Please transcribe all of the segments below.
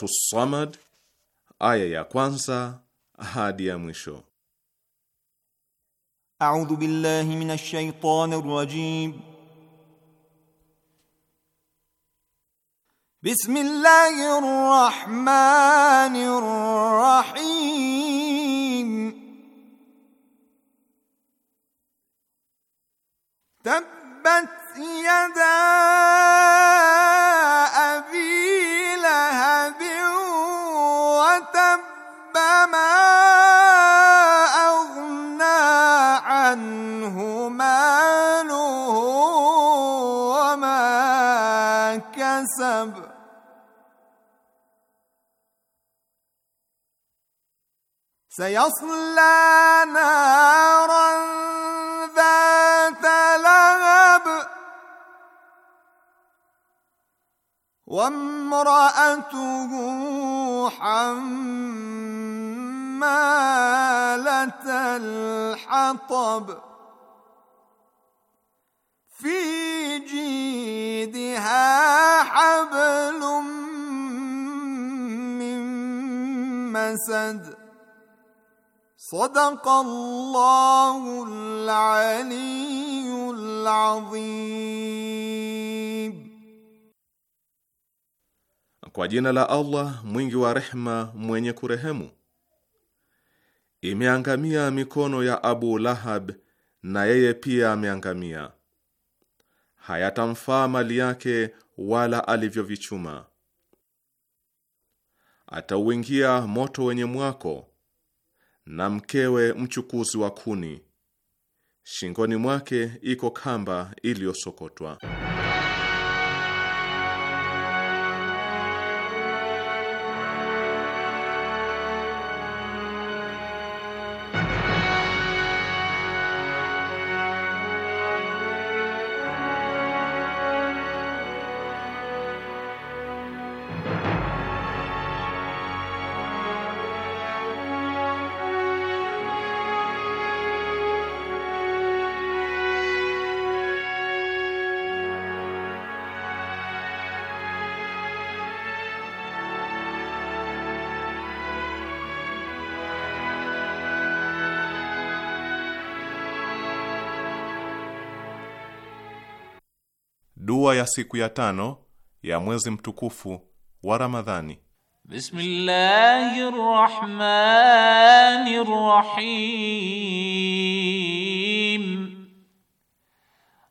Suratu Samad, aya ya kwanza hadi ya mwisho. A'udhu billahi minash shaitanir rajim. Bismillahir rahmanir rahim كسب سيصلى نارا ذات لهب وامرأته حمالة الحطب Kwa jina la Allah mwingi wa rehma mwenye kurehemu. Imeangamia mikono ya Abu Lahab na yeye pia ameangamia hayatamfaa mali yake wala alivyovichuma. Atauingia moto wenye mwako na mkewe mchukuzi wa kuni. Shingoni mwake iko kamba iliyosokotwa. Dua ya siku ya tano ya mwezi mtukufu wa Ramadhani. Bismillahirrahmanirrahim.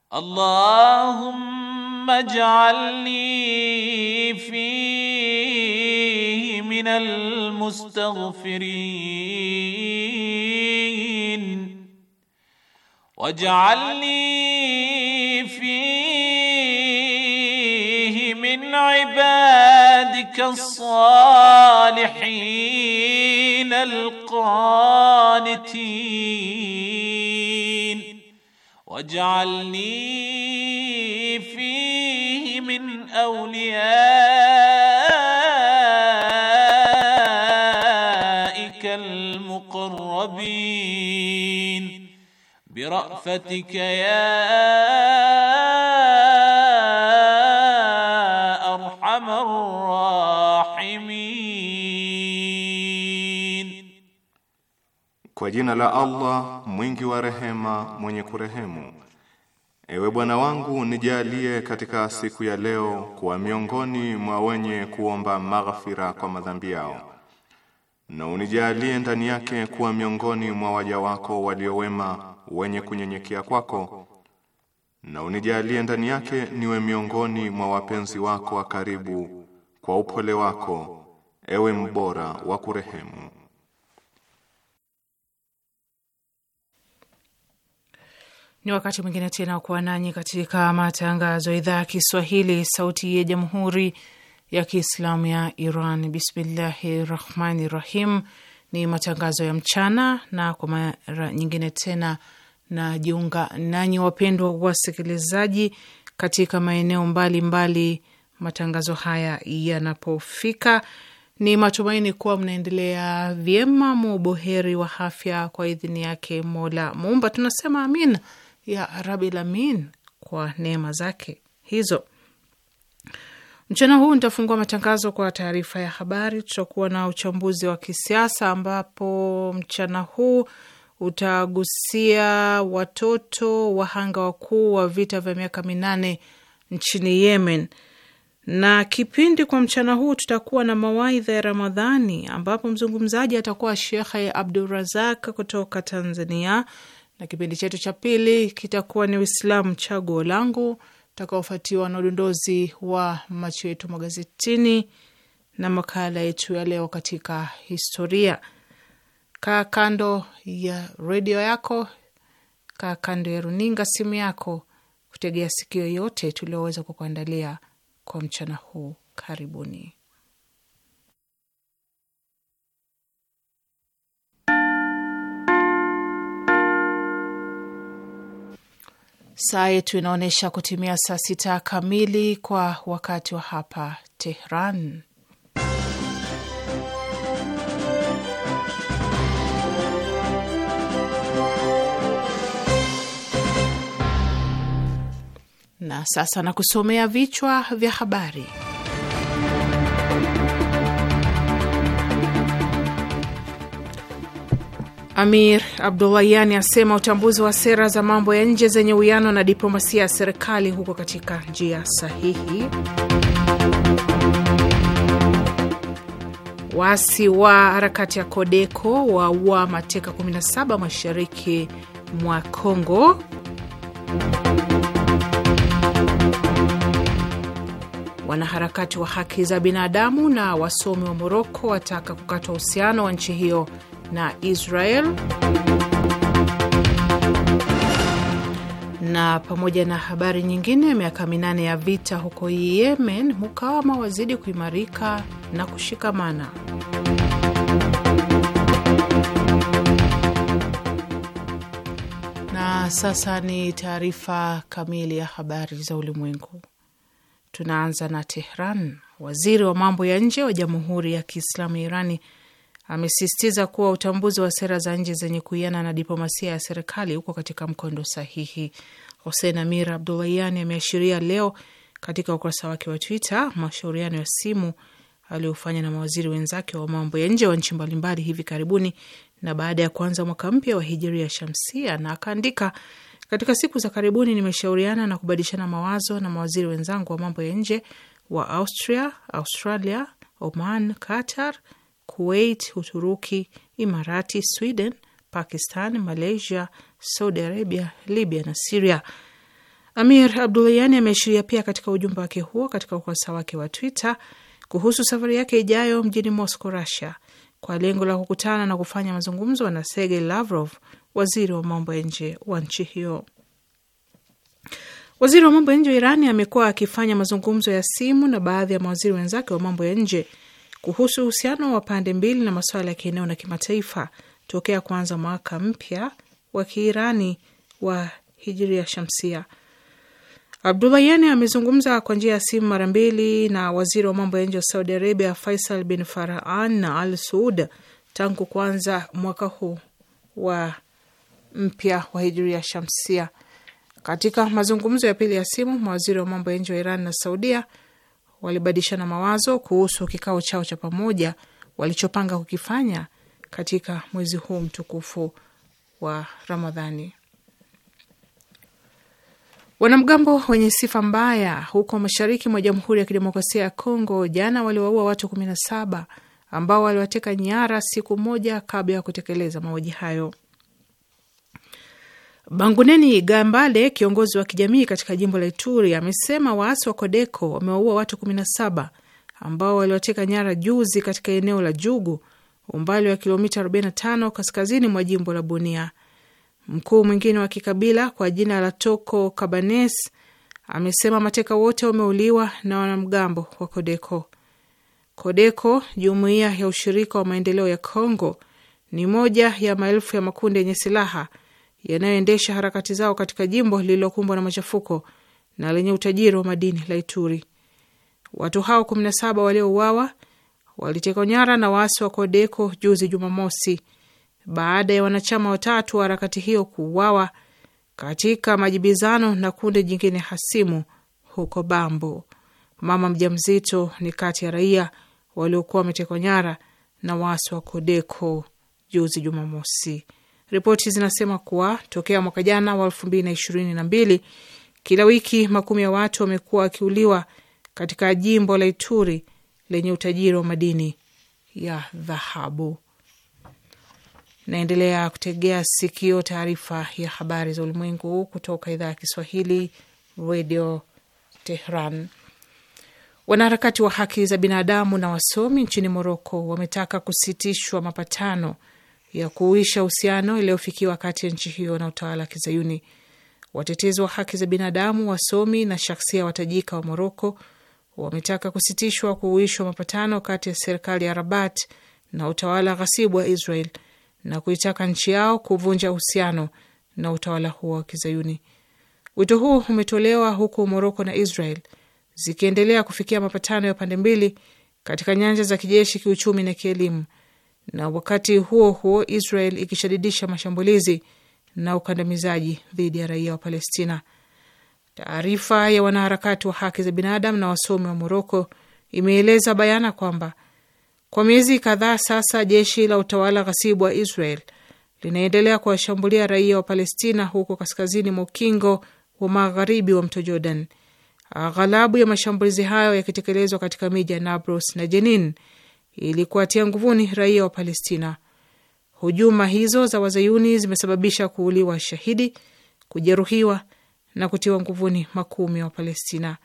Allahumma ij'alni fi minal mustaghfirin waj'alni عبادك الصالحين القانتين واجعلني فيه من اوليائك المقربين برأفتك يا Kwa jina la Allah mwingi wa rehema mwenye kurehemu. Ewe Bwana wangu nijalie katika siku ya leo kuwa miongoni mwa wenye kuomba maghfira kwa madhambi yao, na unijalie ndani yake kuwa miongoni mwa waja wako waliowema wenye kunyenyekea kwako, na unijalie ndani yake niwe miongoni mwa wapenzi wako wa karibu kwa upole wako, ewe mbora wa kurehemu. Ni wakati mwingine tena kuwa nanyi katika matangazo ya idhaa ya Kiswahili, sauti ya jamhuri ya kiislamu ya Iran. Bismillahi rahmani rahim. Ni matangazo ya mchana, na kwa mara nyingine tena najiunga nanyi wapendwa wasikilizaji, katika maeneo mbalimbali matangazo haya yanapofika. Ni matumaini kuwa mnaendelea vyema, muboheri wa afya kwa idhini yake Mola Muumba. Tunasema amin ya Rabil kwa neema zake hizo. Mchana huu nitafungua matangazo kwa taarifa ya habari. Tutakuwa na uchambuzi wa kisiasa ambapo mchana huu utagusia watoto wahanga wakuu wa vita vya miaka minane nchini Yemen, na kipindi kwa mchana huu tutakuwa na mawaidha ya Ramadhani ambapo mzungumzaji atakuwa Shekhe Abdurazak kutoka Tanzania na kipindi chetu cha pili kitakuwa ni Uislamu chaguo langu, takaofatiwa na udondozi wa macho yetu magazetini na makala yetu ya leo katika historia. Kaa kando ya redio yako, kaa kando ya runinga, simu yako, kutegea sikio yote tulioweza kukuandalia kwa mchana huu. Karibuni. Saa yetu inaonyesha kutimia saa sita kamili kwa wakati wa hapa Tehran. Na sasa nakusomea vichwa vya habari. Amir Abdullahiani asema utambuzi wa sera za mambo ya nje zenye uwiano na diplomasia ya serikali huko katika njia sahihi. Waasi wa harakati ya Kodeko waua mateka 17 mashariki mwa Kongo. Wanaharakati wa haki za binadamu na wasomi wa Moroko wataka kukata uhusiano wa nchi hiyo na Israel na pamoja na habari nyingine. Miaka minane ya vita huko Yemen, mukawama wazidi kuimarika na kushikamana. Na sasa ni taarifa kamili ya habari za ulimwengu. Tunaanza na Tehran. Waziri wa mambo ya nje wa Jamhuri ya Kiislamu ya Irani amesisitiza kuwa utambuzi wa sera za nje zenye kuiana na diplomasia ya serikali huko katika mkondo sahihi. Hosen Amir Abdullahiani ameashiria leo katika ukurasa wake wa Twitter mashauriano ya simu aliyofanya na mawaziri wenzake wa mambo ya nje wa nchi mbalimbali hivi karibuni na baada ya kuanza mwaka mpya wa hijiria shamsia, na akaandika, katika siku za karibuni nimeshauriana na kubadilishana mawazo na mawaziri wenzangu wa mambo ya nje wa Austria, Australia, Oman, Qatar, Kuwait, Uturuki, Imarati, Sweden, Pakistan, Malaysia, Saudi Arabia, Libya na Siria. Amir Abdulayani ameashiria pia katika ujumbe wake huo katika ukurasa wake wa Twitter kuhusu safari yake ijayo mjini Moscow, Russia, kwa lengo la kukutana na kufanya mazungumzo na Sergei Lavrov, waziri wa mambo ya nje wa nchi hiyo. Waziri wa mambo ya nje wa Irani amekuwa akifanya mazungumzo ya simu na baadhi ya mawaziri wenzake wa mambo ya nje kuhusu uhusiano wa pande mbili na masuala ya kieneo na kimataifa tokea kuanza mwaka mpya wa Kiirani wa hijiria shamsia. Abdulayani amezungumza kwa njia ya simu mara mbili na waziri wa mambo ya nje wa Saudi Arabia Faisal bin Farhan na Al Saud tangu kuanza mwaka huu wa mpya wa hijiria shamsia. Katika mazungumzo ya pili ya simu, mawaziri wa mambo ya nje wa Iran na Saudia walibadilishana mawazo kuhusu kikao chao cha pamoja walichopanga kukifanya katika mwezi huu mtukufu wa Ramadhani. Wanamgambo wenye sifa mbaya huko mashariki mwa Jamhuri ya Kidemokrasia ya Kongo jana waliwaua watu kumi na saba ambao waliwateka nyara siku moja kabla ya kutekeleza mauaji hayo. Banguneni Gambale, kiongozi wa kijamii katika jimbo la Ituri, amesema waasi wa Kodeko wamewaua watu 17 ambao waliwateka nyara juzi katika eneo la Jugu, umbali wa kilomita 45 kaskazini mwa jimbo la Bunia. Mkuu mwingine wa kikabila kwa jina la Toko Kabanes amesema mateka wote wameuliwa na wanamgambo wa Kodeko. Kodeko, jumuiya ya ushirika wa maendeleo ya congo ni moja ya maelfu ya makundi yenye silaha yanayoendesha harakati zao katika jimbo lililokumbwa na machafuko na lenye utajiri wa madini la Ituri. Watu hao 17 waliouawa walitekwa nyara na waasi wa Kodeko juzi Jumamosi, baada ya wanachama watatu wa harakati hiyo kuuawa katika majibizano na kundi jingine hasimu huko Bambo. Mama mjamzito ni kati ya raia waliokuwa wametekwa nyara na waasi wa Kodeko juzi Jumamosi. Ripoti zinasema kuwa tokea mwaka jana wa elfu mbili na ishirini na mbili, kila wiki makumi ya watu wamekuwa wakiuliwa katika jimbo la Ituri lenye utajiri wa madini ya dhahabu. Naendelea kutegea sikio taarifa ya habari za ulimwengu kutoka idhaa ya Kiswahili, Radio Tehran. Wanaharakati wa haki za binadamu na wasomi nchini Moroko wametaka kusitishwa mapatano ya kuuisha uhusiano iliyofikiwa kati ya nchi hiyo na utawala wa Kizayuni. Watetezi wa haki za binadamu, wasomi na shaksia watajika wa Moroko wametaka kusitishwa kuuishwa mapatano kati ya serikali ya Rabat na utawala ghasibu wa Israel na kuitaka nchi yao kuvunja uhusiano na utawala huo wa Kizayuni. Wito huu umetolewa huku Moroko na Israel zikiendelea kufikia mapatano ya pande mbili katika nyanja za kijeshi, kiuchumi na kielimu na wakati huo huo Israel ikishadidisha mashambulizi na ukandamizaji dhidi ya raia wa Palestina. Taarifa ya wanaharakati wa haki za binadamu na wasomi wa Moroko imeeleza bayana kwamba kwa miezi kadhaa sasa jeshi la utawala ghasibu wa Israel linaendelea kuwashambulia raia wa Palestina huko kaskazini mwa ukingo wa magharibi wa mto Jordan. Aghalabu ya mashambulizi hayo yakitekelezwa katika miji ya Nablus na Jenin ili kuwatia nguvuni raia wa Palestina. Hujuma hizo za wazayuni zimesababisha kuuliwa shahidi, kujeruhiwa na kutiwa nguvuni makumi wa Palestina.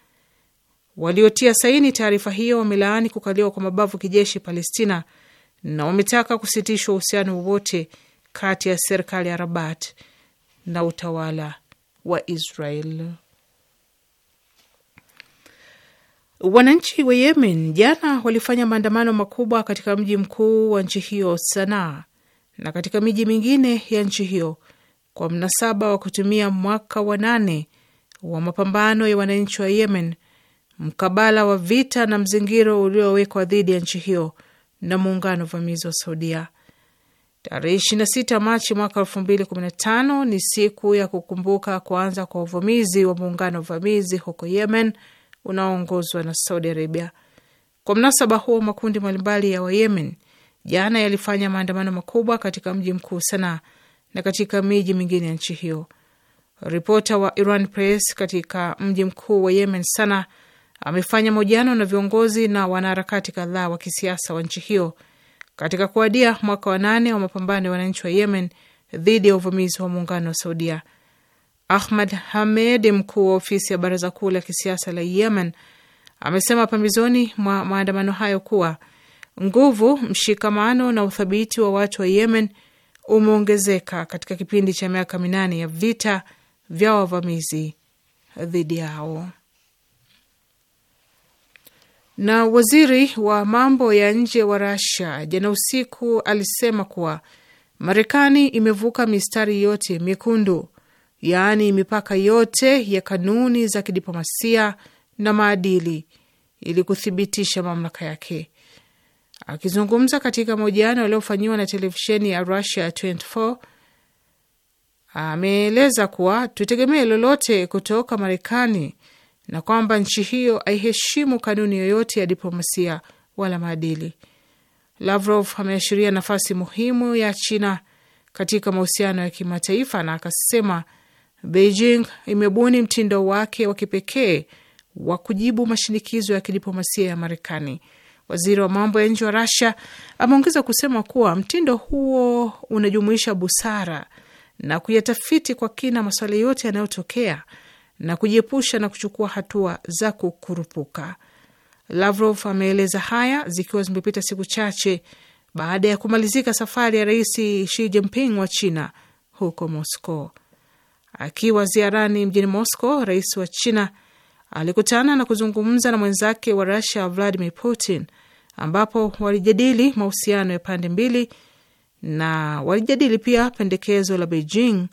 Waliotia saini taarifa hiyo wamelaani kukaliwa kwa mabavu kijeshi Palestina na wametaka kusitishwa uhusiano wowote kati ya serikali ya Rabat na utawala wa Israel. Wananchi wa Yemen jana walifanya maandamano makubwa katika mji mkuu wa nchi hiyo Sanaa na katika miji mingine ya nchi hiyo kwa mnasaba wa kutumia mwaka wa nane wa mapambano ya wananchi wa Yemen mkabala wa vita na mzingiro uliowekwa dhidi ya nchi hiyo na muungano vamizi wa Saudia. Tarehe 26 Machi mwaka 2015 ni siku ya kukumbuka kuanza kwa uvamizi wa muungano vamizi huko Yemen unaoongozwa na Saudi Arabia. Kwa mnasaba huo, makundi mbalimbali ya Wayemen jana yalifanya maandamano makubwa katika mji mkuu Sanaa na katika miji mingine ya nchi hiyo. Ripota wa Iran Press katika mji mkuu wa Yemen, Sana, amefanya mahojiano na viongozi na wanaharakati kadhaa wa kisiasa wa nchi hiyo katika kuadia mwaka wa nane wa mapambano ya wananchi wa Yemen dhidi ya uvamizi wa muungano wa Saudia Ahmad Hamed, mkuu wa ofisi ya baraza kuu la kisiasa la Yemen, amesema pambizoni mwa maandamano hayo kuwa nguvu, mshikamano na uthabiti wa watu wa Yemen umeongezeka katika kipindi cha miaka minane ya vita vya wavamizi dhidi yao. Na waziri wa mambo ya nje wa rasia jana usiku alisema kuwa Marekani imevuka mistari yote mekundu yaani mipaka yote ya kanuni za kidiplomasia na maadili ili kuthibitisha mamlaka yake. Akizungumza katika mahojiano yaliyofanyiwa na televisheni ya Russia 24 ameeleza kuwa tutegemee lolote kutoka Marekani na kwamba nchi hiyo haiheshimu kanuni yoyote ya diplomasia wala maadili. Lavrov ameashiria nafasi muhimu ya China katika mahusiano ya kimataifa na akasema Beijing imebuni mtindo wake wa kipekee wa kujibu mashinikizo ya kidiplomasia ya Marekani. Waziri wa mambo ya nje wa rasia ameongeza kusema kuwa mtindo huo unajumuisha busara na kuyatafiti kwa kina masuala yote yanayotokea na kujiepusha na kuchukua hatua za kukurupuka. Lavrov ameeleza haya zikiwa zimepita siku chache baada ya kumalizika safari ya Rais Xi Jinping wa China huko Moscow. Akiwa ziarani mjini Moscow, rais wa China alikutana na kuzungumza na mwenzake wa Rusia Vladimir Putin, ambapo walijadili mahusiano ya pande mbili na walijadili pia pendekezo la Beijing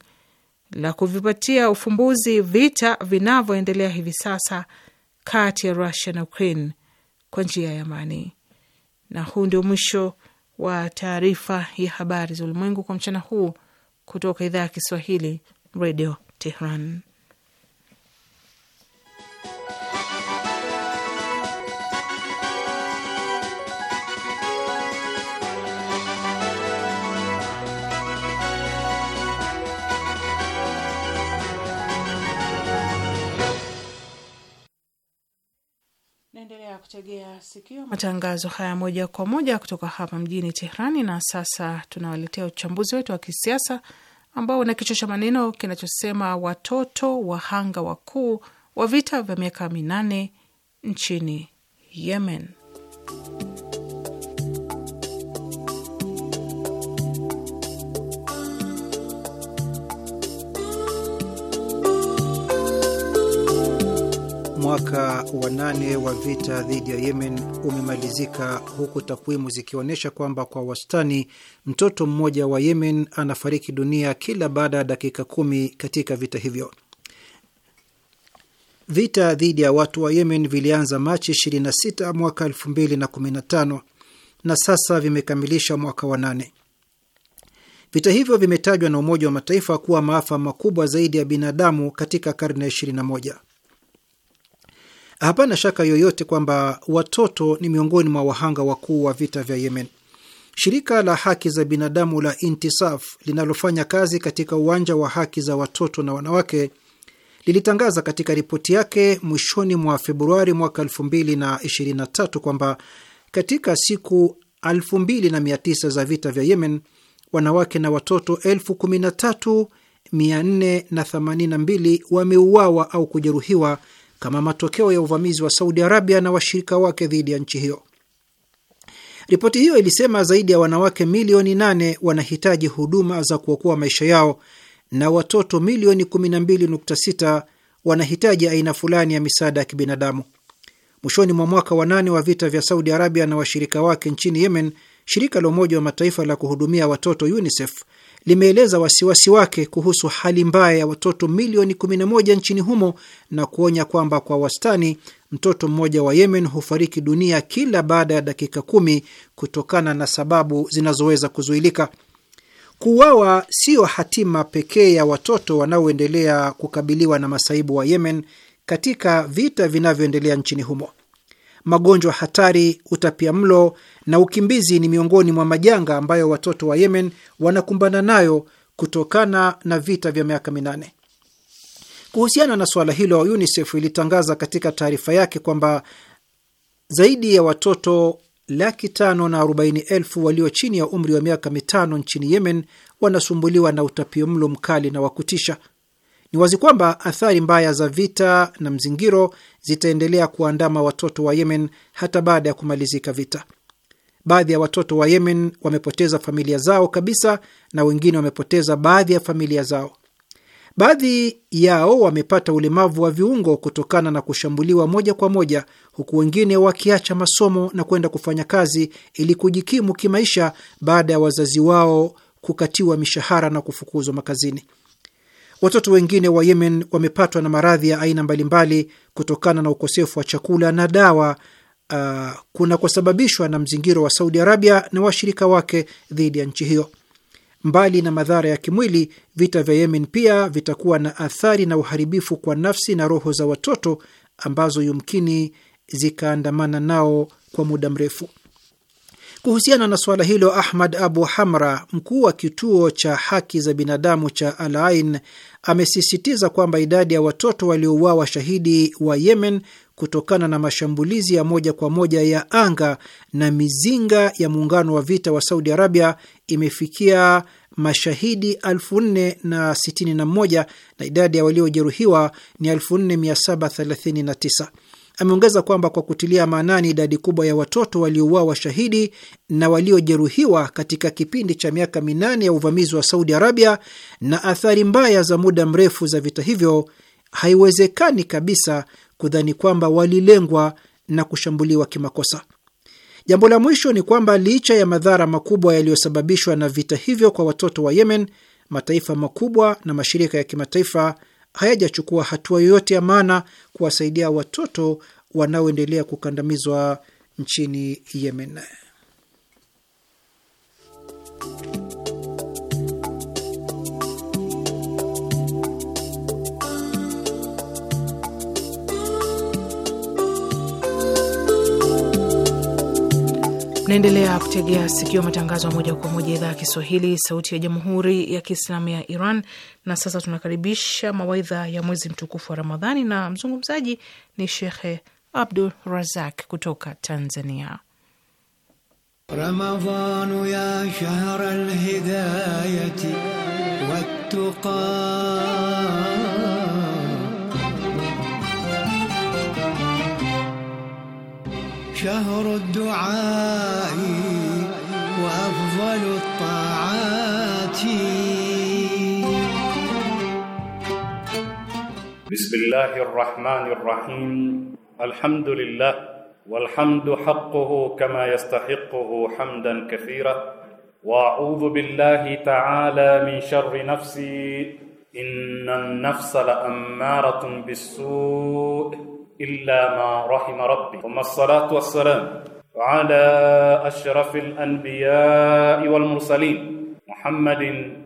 la kuvipatia ufumbuzi vita vinavyoendelea hivi sasa kati ya Rusia na Ukraine kwa njia ya amani. Na huu ndio mwisho wa taarifa ya habari za ulimwengu kwa mchana huu kutoka idhaa ya Kiswahili Radio Tehran. Naendelea kutegea sikio matangazo haya moja kwa moja kutoka hapa mjini Tehrani. Na sasa tunawaletea uchambuzi wetu wa kisiasa ambao una kichwa cha maneno kinachosema watoto wahanga wakuu wa vita vya miaka minane nchini Yemen. Mwaka wa nane wa vita dhidi ya Yemen umemalizika huku takwimu zikionyesha kwamba kwa wastani mtoto mmoja wa Yemen anafariki dunia kila baada ya dakika kumi katika vita hivyo. Vita dhidi ya watu wa Yemen vilianza Machi 26 mwaka 2015 na sasa vimekamilisha mwaka wa nane. Vita hivyo vimetajwa na Umoja wa Mataifa kuwa maafa makubwa zaidi ya binadamu katika karne ya 21. Hapana shaka yoyote kwamba watoto ni miongoni mwa wahanga wakuu wa vita vya Yemen. Shirika la haki za binadamu la Intisaf linalofanya kazi katika uwanja wa haki za watoto na wanawake lilitangaza katika ripoti yake mwishoni mwa Februari mwaka 2023 kwamba katika siku 2900 za vita vya Yemen, wanawake na watoto 13482 wameuawa au kujeruhiwa kama matokeo ya uvamizi wa Saudi Arabia na washirika wake dhidi ya nchi hiyo. Ripoti hiyo ilisema zaidi ya wanawake milioni nane wanahitaji huduma za kuokoa maisha yao na watoto milioni 12.6 wanahitaji aina fulani ya misaada ya kibinadamu. Mwishoni mwa mwaka wa nane wa vita vya Saudi Arabia na washirika wake nchini Yemen, shirika la Umoja wa Mataifa la kuhudumia watoto UNICEF limeeleza wasiwasi wake kuhusu hali mbaya ya watoto milioni 11 nchini humo na kuonya kwamba kwa wastani mtoto mmoja wa Yemen hufariki dunia kila baada ya dakika kumi kutokana na sababu zinazoweza kuzuilika. Kuuawa siyo hatima pekee ya watoto wanaoendelea kukabiliwa na masaibu wa Yemen katika vita vinavyoendelea nchini humo magonjwa hatari, utapia mlo na ukimbizi ni miongoni mwa majanga ambayo watoto wa Yemen wanakumbana nayo kutokana na vita vya miaka minane. Kuhusiana na suala hilo, UNICEF ilitangaza katika taarifa yake kwamba zaidi ya watoto laki tano na arobaini elfu walio chini ya umri wa miaka mitano nchini Yemen wanasumbuliwa na utapio mlo mkali na wa kutisha. Ni wazi kwamba athari mbaya za vita na mzingiro zitaendelea kuandama watoto wa Yemen hata baada ya kumalizika vita. Baadhi ya watoto wa Yemen wamepoteza familia zao kabisa na wengine wamepoteza baadhi ya familia zao. Baadhi yao wamepata ulemavu wa viungo kutokana na kushambuliwa moja kwa moja, huku wengine wakiacha masomo na kwenda kufanya kazi ili kujikimu kimaisha baada ya wazazi wao kukatiwa mishahara na kufukuzwa makazini. Watoto wengine wa Yemen wamepatwa na maradhi ya aina mbalimbali kutokana na ukosefu wa chakula na dawa uh, kunakosababishwa na mzingiro wa Saudi Arabia na washirika wake dhidi ya nchi hiyo. Mbali na madhara ya kimwili, vita vya Yemen pia vitakuwa na athari na uharibifu kwa nafsi na roho za watoto ambazo yumkini zikaandamana nao kwa muda mrefu. Kuhusiana na suala hilo, Ahmad Abu Hamra, mkuu wa kituo cha haki za binadamu cha Al Ain, amesisitiza kwamba idadi ya watoto waliouawa shahidi wa Yemen kutokana na mashambulizi ya moja kwa moja ya anga na mizinga ya muungano wa vita wa Saudi Arabia imefikia mashahidi 4,061 na idadi ya waliojeruhiwa ni 4,739. Ameongeza kwamba kwa kutilia maanani idadi kubwa ya watoto waliouawa shahidi na waliojeruhiwa katika kipindi cha miaka minane ya uvamizi wa Saudi Arabia na athari mbaya za muda mrefu za vita hivyo, haiwezekani kabisa kudhani kwamba walilengwa na kushambuliwa kimakosa. Jambo la mwisho ni kwamba licha ya madhara makubwa yaliyosababishwa na vita hivyo kwa watoto wa Yemen, mataifa makubwa na mashirika ya kimataifa hayajachukua hatua yoyote ya maana kuwasaidia watoto wanaoendelea kukandamizwa nchini Yemen. Naendelea kutegea sikio matangazo ya moja kwa moja idhaa ya Kiswahili, sauti ya jamhuri ya kiislamu ya Iran. Na sasa tunakaribisha mawaidha ya mwezi mtukufu wa Ramadhani, na mzungumzaji ni Shekhe Abdul Razak kutoka Tanzania. Ramadhanu ya shahra alhidayati شهر الدعاء وأفضل الطاعات بسم الله الرحمن الرحيم الحمد لله والحمد حقه كما يستحقه حمدا كثيرا وأعوذ بالله تعالى من شر نفسي إن النفس لأمارة بالسوء إلا ما رحم ربي ثم الصلاة والسلام على أشرف الأنبياء والمرسلين محمد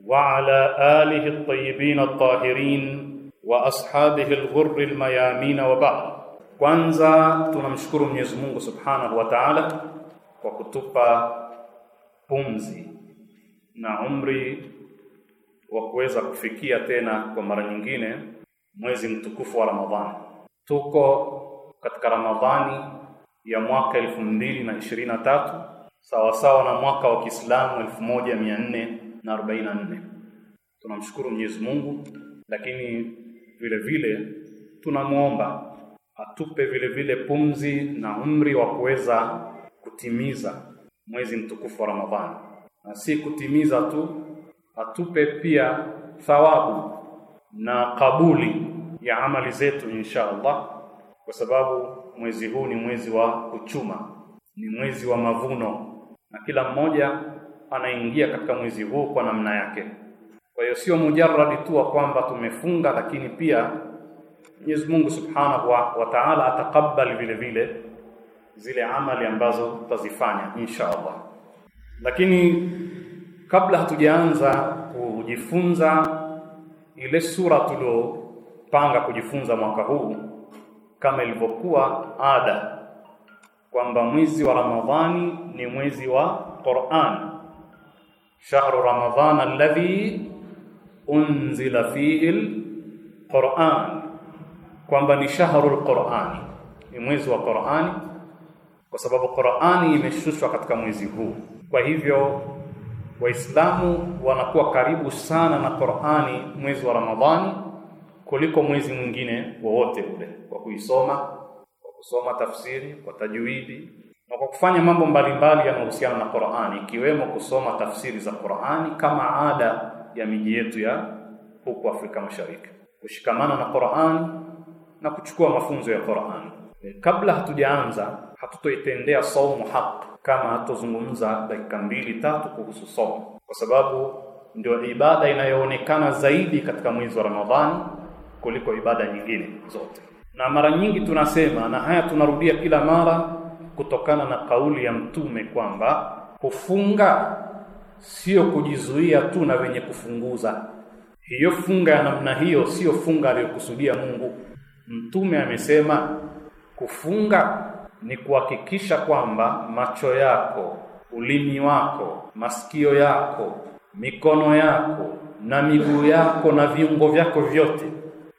وعلى آله الطيبين الطاهرين وأصحابه الغر الميامين وبعد kwanza tunamshukuru Mwenyezi Mungu Subhanahu wa Ta'ala kwa kutupa pumzi na umri wa kuweza kufikia tena kwa mara nyingine mwezi mtukufu wa Ramadhani Tuko katika Ramadhani ya mwaka elfu mbili na ishirini na tatu sawasawa na mwaka wa Kiislamu elfu moja mia nne na arobaini na nne. Tunamshukuru Mwenyezi Mungu, lakini vile vile tunamwomba atupe vile vile pumzi na umri wa kuweza kutimiza mwezi mtukufu wa Ramadhani, na si kutimiza tu, atupe pia thawabu na kabuli ya amali zetu insha Allah kwa sababu mwezi huu ni mwezi wa kuchuma, ni mwezi wa mavuno, na kila mmoja anaingia katika mwezi huu kwa namna yake. Kwa hiyo sio mujarrad tu wa kwamba tumefunga, lakini pia Mwenyezi Mungu Subhanahu wa Ta'ala atakabbali vile vile zile amali ambazo tutazifanya insha Allah. Lakini kabla hatujaanza kujifunza ile sura tulio panga kujifunza mwaka huu kama ilivyokuwa ada kwamba mwezi wa Ramadhani ni mwezi wa Qur'an shahru ramadhana alladhi unzila fihi alquran kwamba ni shahru alqurani ni mwezi wa qurani kwa sababu qurani imeshushwa katika mwezi huu kwa hivyo waislamu wanakuwa karibu sana na qurani mwezi wa ramadhani kuliko mwezi mwingine wowote ule, kwa kuisoma, kwa kusoma tafsiri, kwa tajwidi na kwa kufanya mambo mbalimbali yanayohusiana na Qur'ani, ikiwemo kusoma tafsiri za Qur'ani kama ada ya miji yetu ya huku Afrika Mashariki, kushikamana na Qur'ani na kuchukua mafunzo ya Qur'ani. E, kabla hatujaanza, hatutoitendea saumu haki kama hatutozungumza dakika mbili tatu kuhusu saumu, kwa sababu ndio ibada inayoonekana zaidi katika mwezi wa Ramadhani kuliko ibada nyingine zote. Na mara nyingi tunasema, na haya tunarudia kila mara, kutokana na kauli ya Mtume kwamba kufunga sio kujizuia tu na wenye kufunguza. Hiyo funga ya namna hiyo sio funga aliyokusudia Mungu. Mtume amesema kufunga ni kuhakikisha kwamba macho yako, ulimi wako, masikio yako, mikono yako na miguu yako na viungo vyako vyote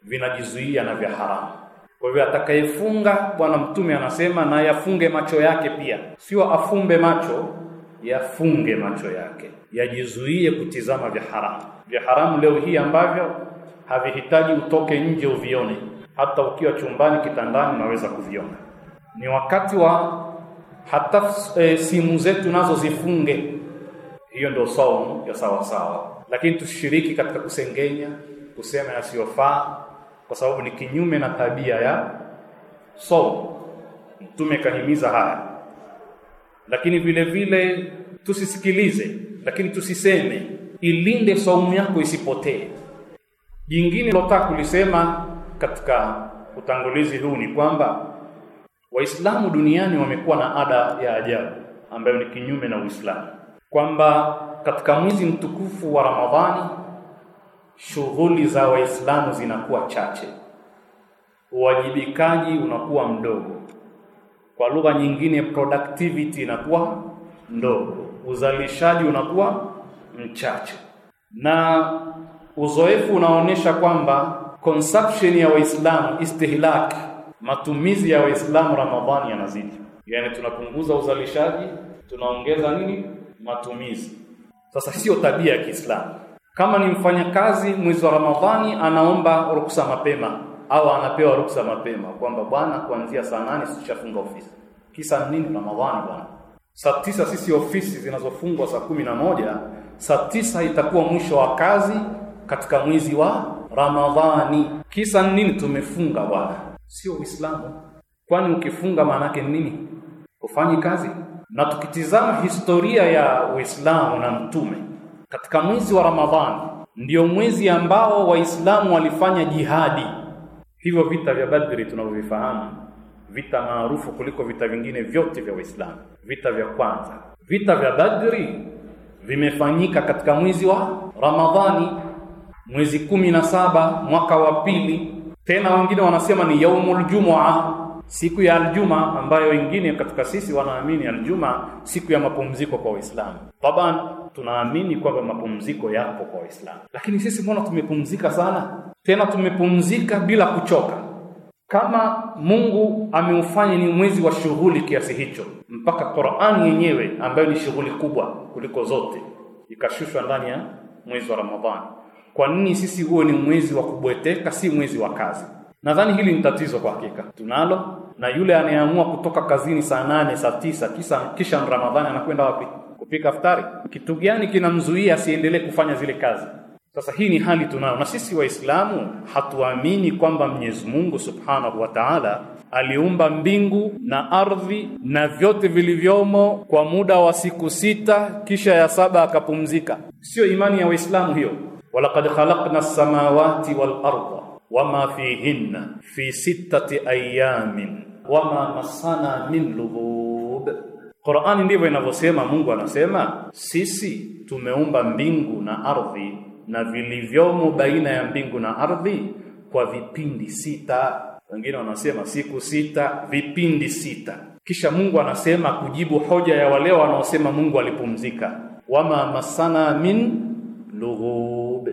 vinajizuia na vya haramu. Kwa hivyo atakayefunga, Bwana Mtume anasema na yafunge macho yake pia, sio afumbe macho, yafunge macho yake, yajizuie kutizama vya haramu. Vya haramu leo hii ambavyo havihitaji utoke nje uvione, hata ukiwa chumbani kitandani unaweza kuviona. Ni wakati wa hata e, simu zetu nazo zifunge. Hiyo ndio saumu ya sawasawa, lakini tushiriki katika kusengenya, kusema yasiyofaa kwa sababu ni kinyume na tabia ya so mtume kahimiza haya lakini vile vile tusisikilize lakini tusiseme ilinde saumu yako isipotee jingine lotaka kulisema katika utangulizi huu ni kwamba waislamu duniani wamekuwa na ada ya ajabu ambayo ni kinyume na uislamu kwamba katika mwezi mtukufu wa ramadhani shughuli za Waislamu zinakuwa chache, uwajibikaji unakuwa mdogo, kwa lugha nyingine productivity inakuwa ndogo, uzalishaji unakuwa mchache, na uzoefu unaonyesha kwamba consumption ya Waislamu, istihlak, matumizi ya Waislamu Ramadhani yanazidi, yaani tunapunguza uzalishaji, tunaongeza nini? Matumizi. Sasa sio tabia ya Kiislamu. Kama ni mfanyakazi mwezi wa Ramadhani anaomba ruksa mapema au anapewa ruksa mapema kwamba bwana, kuanzia saa nane sishafunga ofisi. Kisa nini? Ramadhani bwana. Saa tisa sisi ofisi zinazofungwa saa kumi na moja saa tisa itakuwa mwisho wa kazi katika mwezi wa Ramadhani. Kisa nini? Tumefunga bwana, sio Uislamu. Kwani ukifunga maanake nini? Ufanyi kazi. Na tukitizama historia ya Uislamu na mtume katika mwezi wa Ramadhani ndio mwezi ambao Waislamu walifanya jihadi. Hivyo vita vya Badri tunavyovifahamu, vita maarufu kuliko vita vingine vyote vya Waislamu, vita vya kwanza, vita vya Badri vimefanyika katika mwezi wa Ramadhani, mwezi kumi na saba mwaka wa pili. Tena wengine wanasema ni yaumul jumua, siku ya aljuma, ambayo wengine katika sisi wanaamini aljuma, siku ya mapumziko kwa Waislamu. Taban tunaamini kwamba mapumziko yapo kwa Waislamu, lakini sisi mbona tumepumzika sana, tena tumepumzika bila kuchoka. Kama Mungu ameufanya ni mwezi wa shughuli kiasi hicho, mpaka Qur'ani yenyewe ambayo ni shughuli kubwa kuliko zote ikashushwa ndani ya mwezi wa Ramadhani, kwa nini sisi huo ni mwezi wa kubweteka, si mwezi wa kazi? Nadhani hili ni tatizo kwa hakika tunalo, na yule anayeamua kutoka kazini saa nane saa tisa kisha Ramadhani anakwenda wapi? kupika iftari? Kitu gani kinamzuia asiendelee kufanya zile kazi? Sasa hii ni hali tunayo, na sisi Waislamu hatuamini kwamba Mwenyezi Mungu Subhanahu wa Ta'ala aliumba mbingu na ardhi na vyote vilivyomo kwa muda wa siku sita, kisha ya saba akapumzika. Siyo imani ya Waislamu hiyo. walaqad khalaqna as-samawati wal arda wama fihinna fi sittati ayamin wama masana min lughub Qur'ani ndivyo inavyosema. Mungu anasema sisi tumeumba mbingu na ardhi na vilivyomo baina ya mbingu na ardhi kwa vipindi sita, wengine wanasema siku sita, vipindi sita. Kisha Mungu anasema kujibu hoja ya wale wanaosema Mungu alipumzika, wama masana min lughub,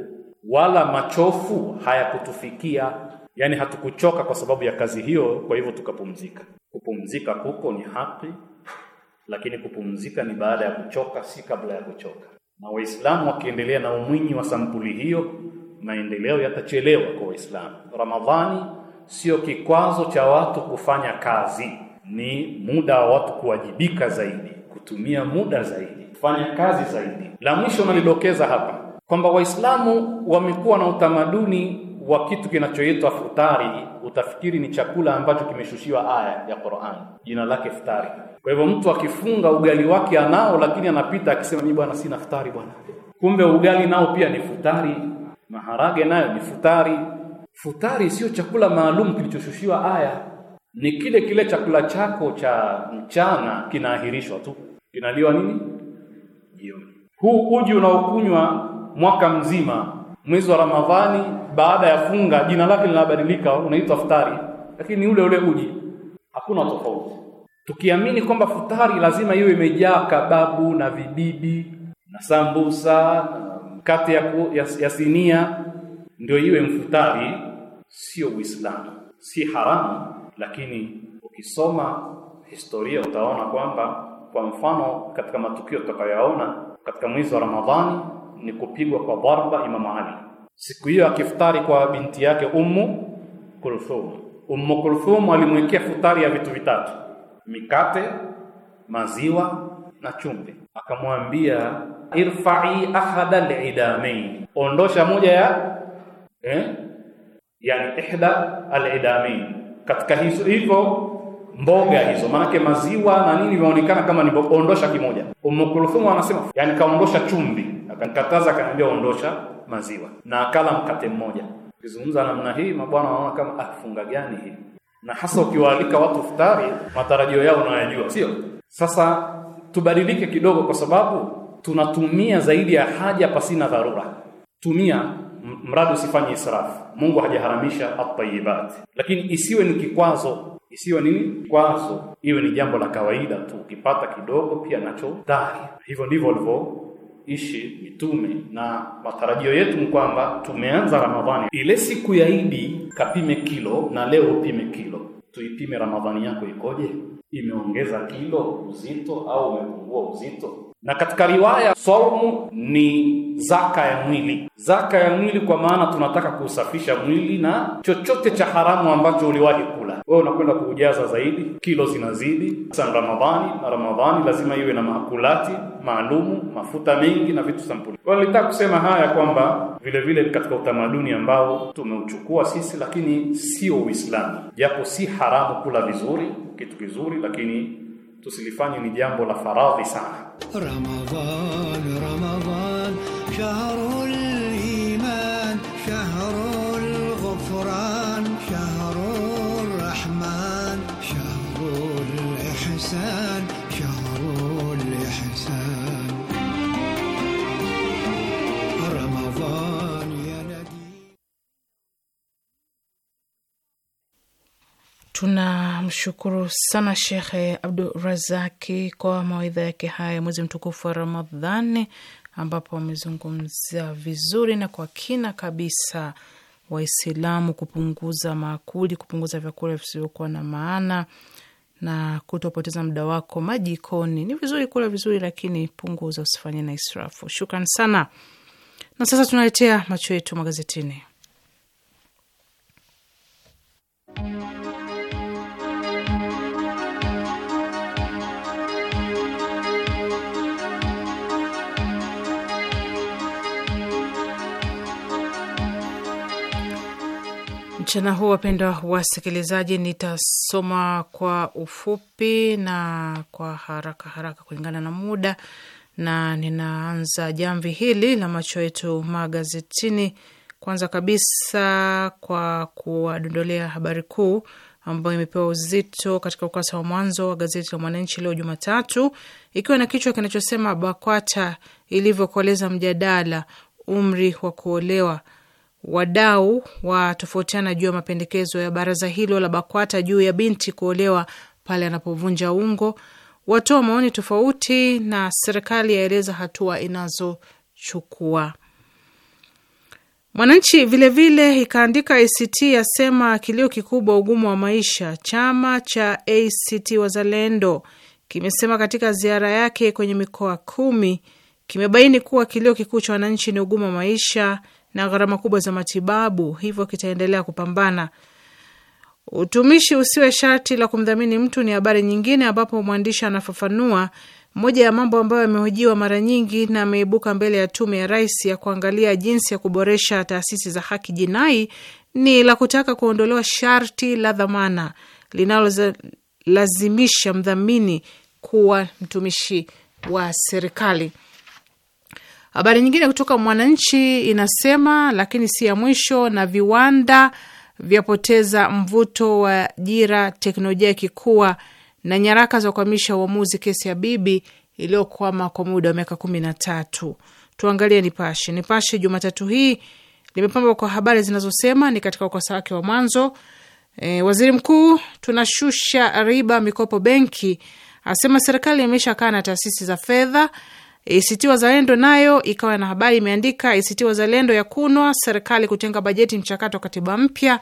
wala machofu hayakutufikia, yani hatukuchoka kwa sababu ya kazi hiyo, kwa hivyo tukapumzika. Kupumzika kuko ni haki lakini kupumzika ni baada ya kuchoka, si kabla ya kuchoka. Na Waislamu wakiendelea na umwinyi wa sampuli hiyo, maendeleo yatachelewa kwa Waislamu. Ramadhani sio kikwazo cha watu kufanya kazi, ni muda wa watu kuwajibika zaidi, kutumia muda zaidi, kufanya kazi zaidi. La mwisho nalidokeza hapa kwamba Waislamu wamekuwa na utamaduni wa kitu kinachoitwa futari utafikiri ni chakula ambacho kimeshushiwa aya ya Qur'an, jina lake iftari. Kwa hivyo mtu akifunga ugali wake anao, lakini anapita akisema mimi bwana sina iftari bwana. Kumbe ugali nao pia ni futari, maharage nayo ni futari. Futari sio chakula maalum kilichoshushiwa aya, ni kile kile chakula chako cha mchana kinaahirishwa tu, kinaliwa nini jioni. Huu uji unaokunywa mwaka mzima mwezi wa Ramadhani baada ya funga jina lake linabadilika, unaitwa futari, lakini ule ule uji, hakuna tofauti. Tukiamini kwamba futari lazima iwe imejaa kababu na vibibi na sambusa kati ya, ya, ya sinia ndio iwe mfutari, sio Uislamu, si haramu. Lakini ukisoma historia utaona kwamba, kwa mfano, katika matukio tutakayoona katika mwezi wa Ramadhani ni kupigwa kwa dharba Imam Ali. Siku hiyo akifutari kwa binti yake Ummu Kulthum. Ummu Kulthum alimwekea futari ya vitu vitatu: mikate, maziwa na chumvi. Akamwambia, irfa'i ahada al-idamain, ondosha moja ya eh, yani ihda al-idamain, katika hizo hivyo mboga hizo manake maziwa na nini vionekana kama ni ondosha kimoja. Ummu Kulthum anasema yani kaondosha chumvi Akanikataza, akaniambia ondosha maziwa, na akala mkate mmoja. kizungumza namna hii, mabwana wanaona kama ah, gani hii? Na hasa ukiwaalika watu iftari, matarajio yao unayajua, sio? Sasa tubadilike kidogo, kwa sababu tunatumia zaidi ya haja pasina dharura. Tumia mradi usifanye israfu. Mungu hajaharamisha atayibat, lakini isiwe ni kikwazo, isiwe nini kikwazo, iwe ni jambo la kawaida tu, ukipata kidogo pia nacho dhari. Hivyo ndivyo walivyo ishi mitume, na matarajio yetu ni kwamba tumeanza Ramadhani, ile siku ya Idi kapime kilo, na leo upime kilo, tuipime Ramadhani yako ikoje, imeongeza kilo uzito au umepungua uzito? Na katika riwaya saumu ni zaka ya mwili, zaka ya mwili, kwa maana tunataka kusafisha mwili na chochote cha haramu ambacho uliwahi wewe unakwenda kuujaza zaidi, kilo zinazidi. Sasa Ramadhani na Ramadhani lazima iwe na maakulati maalumu, mafuta mengi na vitu sampuli. Nilitaka kusema haya kwamba vile vile katika utamaduni ambao tumeuchukua sisi, lakini sio Uislamu, japo si haramu kula vizuri, kitu kizuri, lakini tusilifanye ni jambo la faradhi sana. Ramadan, Ramadan, shahrul Tunamshukuru sana Shekhe Abdurazaki kwa mawaidha yake haya mwezi mtukufu wa Ramadhani, ambapo wamezungumza vizuri na kwa kina kabisa Waislamu kupunguza maakuli, kupunguza vyakula visivyokuwa na maana na kutopoteza muda wako majikoni. Ni vizuri kula vizuri, lakini punguza, usifanye na israfu. Shukran sana. Na sasa tunaletea macho yetu magazetini. mchana huu, wapendwa wasikilizaji, nitasoma kwa ufupi na kwa haraka haraka kulingana na muda, na ninaanza jamvi hili la macho yetu magazetini kwanza kabisa kwa kuwadondolea habari kuu ambayo imepewa uzito katika ukurasa wa mwanzo wa gazeti la Mwananchi leo Jumatatu, ikiwa na kichwa kinachosema BAKWATA ilivyokoleza mjadala umri wa kuolewa Wadau wa tofautiana juu ya mapendekezo ya baraza hilo la BAKWATA juu ya binti kuolewa pale anapovunja ungo. Watoa maoni tofauti na serikali yaeleza hatua inazochukua. Mwananchi vilevile ikaandika ACT yasema kilio kikubwa ugumu wa maisha. Chama cha ACT Wazalendo kimesema katika ziara yake kwenye mikoa kumi kimebaini kuwa kilio kikuu cha wananchi ni ugumu wa maisha na gharama kubwa za matibabu, hivyo kitaendelea kupambana. Utumishi usiwe sharti la kumdhamini mtu ni habari nyingine, ambapo mwandishi anafafanua moja ya mambo ambayo amehojiwa mara nyingi na ameibuka mbele ya tume ya rais ya kuangalia jinsi ya kuboresha taasisi za haki jinai ni la kutaka kuondolewa sharti la dhamana linalolazimisha mdhamini kuwa mtumishi wa serikali. Habari nyingine kutoka Mwananchi inasema, lakini si ya mwisho, na viwanda vyapoteza mvuto wa ajira, teknolojia ikikua, na nyaraka za kuhamisha uamuzi kesi ya bibi iliyokwama kwa muda wa miaka kumi na tatu. Tuangalie Nipashe. Nipashe Jumatatu hii limepambwa kwa habari zinazosema ni katika ukurasa wake wa mwanzo e, waziri mkuu, tunashusha riba mikopo benki, asema serikali imeshakaa na taasisi za fedha ACT Wazalendo nayo ikawa na habari imeandika ACT Wazalendo ya kunwa serikali kutenga bajeti mchakato wa katiba mpya.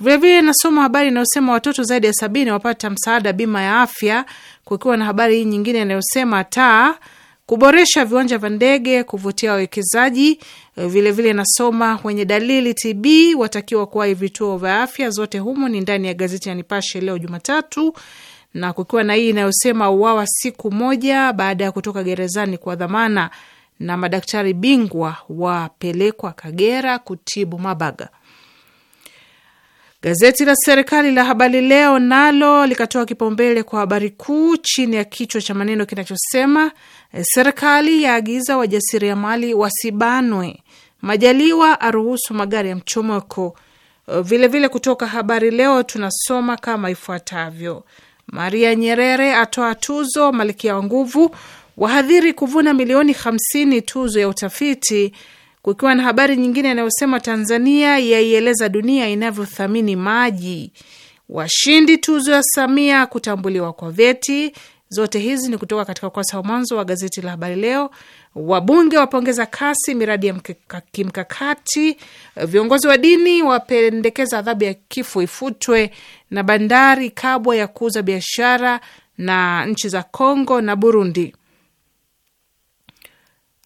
Vilevile nasoma habari inayosema watoto zaidi ya sabini wapata msaada bima ya afya, kukiwa na habari hii nyingine inayosema taa kuboresha viwanja vya ndege kuvutia wawekezaji. Vilevile nasoma wenye dalili TB watakiwa kuwahi vituo vya afya. Zote humo ni ndani ya gazeti ya Nipashe leo Jumatatu na kukiwa na hii inayosema uwawa siku moja baada ya kutoka gerezani kwa dhamana, na madaktari bingwa wapelekwa Kagera kutibu mabaga. Gazeti la serikali la Habari Leo nalo likatoa kipaumbele kwa habari kuu chini ya kichwa cha maneno kinachosema eh, serikali yaagiza wajasiriamali wasibanwe, Majaliwa aruhusu magari ya mchomoko. Vilevile eh, kutoka Habari Leo tunasoma kama ifuatavyo: Maria Nyerere atoa tuzo malkia wa nguvu. Wahadhiri kuvuna milioni 50 tuzo ya utafiti, kukiwa na habari nyingine inayosema Tanzania yaieleza dunia inavyothamini maji. Washindi tuzo ya Samia kutambuliwa kwa vyeti. Zote hizi ni kutoka katika ukurasa wa mwanzo wa gazeti la Habari Leo Wabunge wapongeza kasi miradi ya kimkakati. Viongozi wa dini wapendekeza adhabu ya kifo ifutwe, na bandari kabwa ya kuuza biashara na nchi za Kongo na Burundi.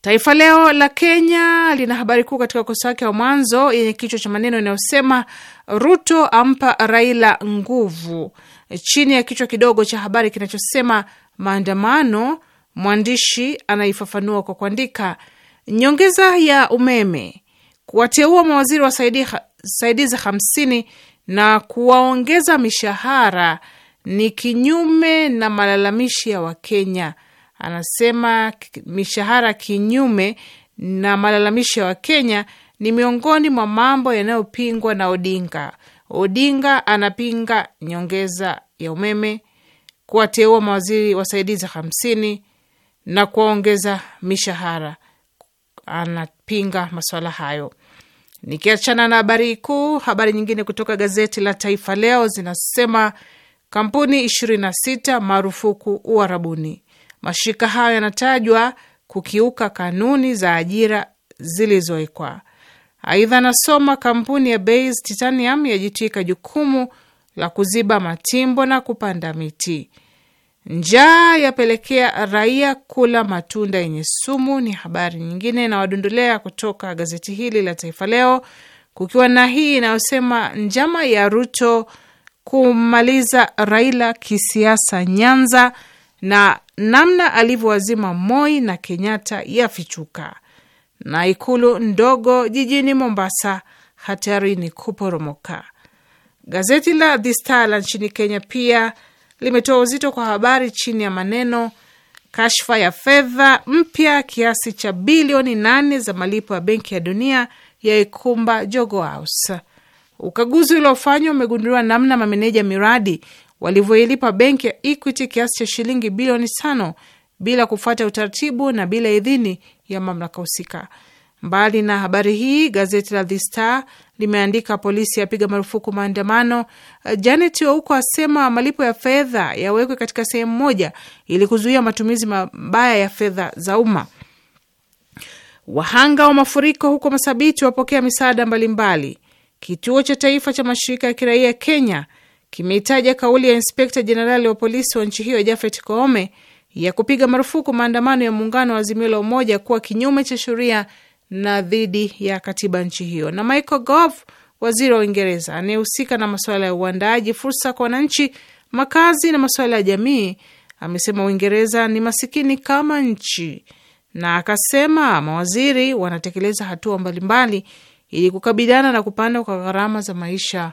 Taifa Leo la Kenya lina habari kuu katika ukurasa wake wa mwanzo yenye kichwa cha maneno inayosema Ruto ampa Raila nguvu, chini ya kichwa kidogo cha habari kinachosema maandamano Mwandishi anaifafanua kwa kuandika, nyongeza ya umeme, kuwateua mawaziri wasaidizi hamsini na kuwaongeza mishahara ni kinyume na malalamishi ya Wakenya. Anasema mishahara kinyume na malalamishi ya Wakenya ni miongoni mwa mambo yanayopingwa na Odinga. Odinga anapinga nyongeza ya umeme, kuwateua mawaziri wasaidizi hamsini na kuwaongeza mishahara. Anapinga masuala hayo. Nikiachana na habari kuu, habari nyingine kutoka gazeti la Taifa Leo zinasema kampuni 26 marufuku Uarabuni. Mashirika hayo yanatajwa kukiuka kanuni za ajira zilizowekwa. Aidha, anasoma kampuni ya Base Titanium yajitwika jukumu la kuziba matimbo na kupanda miti. Njaa yapelekea raia kula matunda yenye sumu, ni habari nyingine inawadondolea kutoka gazeti hili la Taifa Leo, kukiwa na hii inayosema njama ya Ruto kumaliza Raila kisiasa Nyanza, na namna alivyowazima Moi na Kenyatta yafichuka, na ikulu ndogo jijini Mombasa hatarini kuporomoka. Gazeti la The Star la nchini Kenya pia limetoa uzito kwa habari chini ya maneno kashfa ya fedha mpya kiasi cha bilioni nane za malipo ya Benki ya Dunia yaikumba Jogo House. Ukaguzi uliofanywa umegunduliwa namna mameneja miradi walivyoilipa benki ya Equity kiasi cha shilingi bilioni tano bila kufuata utaratibu na bila idhini ya mamlaka husika. Mbali na habari hii, gazeti la The Star limeandika polisi yapiga marufuku maandamano. Janet Ouko asema malipo ya fedha yawekwe katika sehemu moja ili kuzuia matumizi mabaya ya fedha za umma. Wahanga wa mafuriko huko Masabiti wapokea misaada mbalimbali. Kituo cha Taifa cha Mashirika ya Kiraia Kenya kimeitaja kauli ya inspekta jenerali wa polisi wa nchi hiyo Jafet Koome ya kupiga marufuku maandamano ya muungano wa Azimio la Umoja kuwa kinyume cha sheria na dhidi ya katiba nchi hiyo. Na Michael Gove, waziri wa Uingereza anayehusika na masuala ya uandaaji fursa kwa wananchi, makazi na masuala ya jamii, amesema Uingereza ni masikini kama nchi, na akasema mawaziri wanatekeleza hatua mbalimbali ili kukabiliana na kupanda kwa gharama za maisha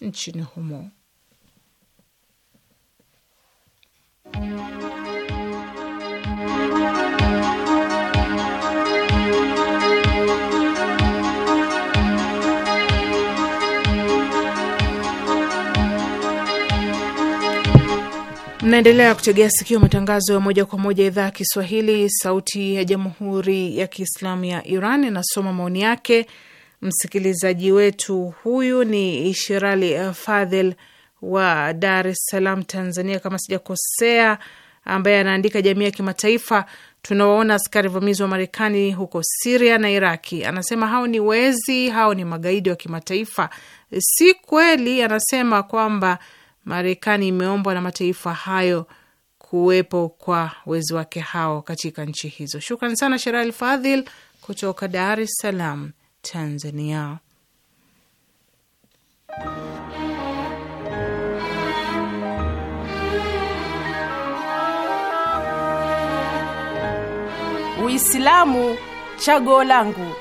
nchini humo. Mnaendelea kutegea sikio matangazo ya moja kwa moja idhaa ya Kiswahili, sauti ya jamhuri ya kiislamu ya Iran. Inasoma maoni yake msikilizaji wetu huyu ni Ishirali Fadhel wa Dar es Salaam, Tanzania, kama sijakosea, ambaye anaandika: jamii ya kimataifa, tunawaona askari vamizi wa Marekani huko Siria na Iraki. Anasema hao ni wezi, hao ni magaidi wa kimataifa. Si kweli, anasema kwamba Marekani imeombwa na mataifa hayo kuwepo kwa wezi wake hao katika nchi hizo. Shukran sana Sherali Fadhil kutoka Dar es Salaam, Tanzania. Uislamu chaguo langu.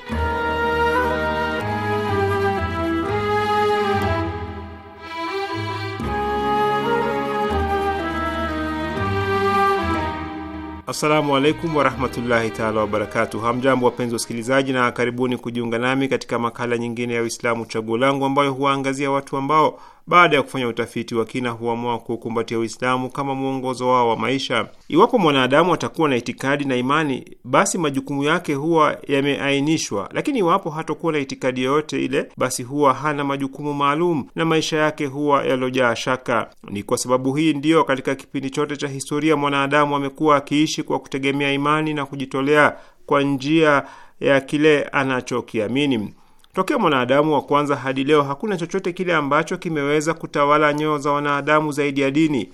Assalamu alaikum warahmatullahi taala wabarakatu. Hamjambo wapenzi wa usikilizaji na karibuni kujiunga nami katika makala nyingine ya Uislamu chaguo langu, ambayo huwaangazia watu ambao baada ya kufanya utafiti wa kina huamua kukumbatia Uislamu kama mwongozo wao wa maisha. Iwapo mwanadamu atakuwa na itikadi na imani, basi majukumu yake huwa yameainishwa, lakini iwapo hatakuwa na itikadi yoyote ile, basi huwa hana majukumu maalum na maisha yake huwa yalojaa shaka. Ni kwa sababu hii ndiyo katika kipindi chote cha historia mwanadamu amekuwa akiishi kwa kutegemea imani na kujitolea kwa njia ya kile anachokiamini. Tokea mwanadamu wa kwanza hadi leo hakuna chochote kile ambacho kimeweza kutawala nyoo za wanadamu zaidi ya dini,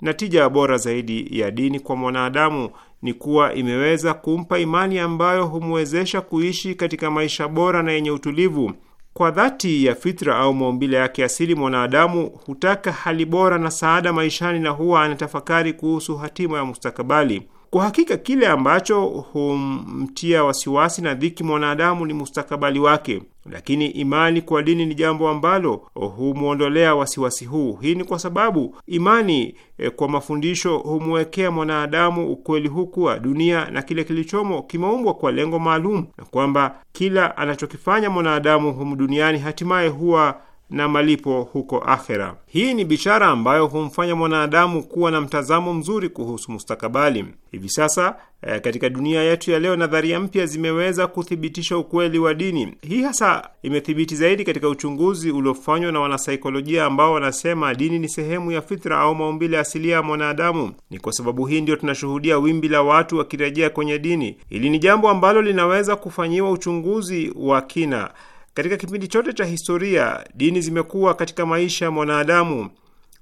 na tija bora zaidi ya dini kwa mwanadamu ni kuwa imeweza kumpa imani ambayo humwezesha kuishi katika maisha bora na yenye utulivu. Kwa dhati ya fitra au maumbile yake asili, mwanadamu hutaka hali bora na saada maishani na huwa anatafakari kuhusu hatima ya mustakabali. Kwa hakika kile ambacho humtia wasiwasi na dhiki mwanadamu ni mustakabali wake, lakini imani kwa dini ni jambo ambalo humwondolea wasiwasi huu. Hii ni kwa sababu imani eh, kwa mafundisho humwekea mwanadamu ukweli huu kuwa dunia na kile kilichomo kimeumbwa kwa lengo maalum, na kwamba kila anachokifanya mwanadamu humu duniani hatimaye huwa na malipo huko akhera. Hii ni bishara ambayo humfanya mwanadamu kuwa na mtazamo mzuri kuhusu mustakabali. Hivi sasa eh, katika dunia yetu ya leo nadharia mpya zimeweza kuthibitisha ukweli wa dini hii. Hasa imethibiti zaidi katika uchunguzi uliofanywa na wanasaikolojia ambao wanasema dini ni sehemu ya fitra au maumbile asilia ya mwanadamu. Ni kwa sababu hii ndio tunashuhudia wimbi la watu wakirejea kwenye dini. Hili ni jambo ambalo linaweza kufanyiwa uchunguzi wa kina katika kipindi chote cha historia, dini zimekuwa katika maisha ya mwanadamu,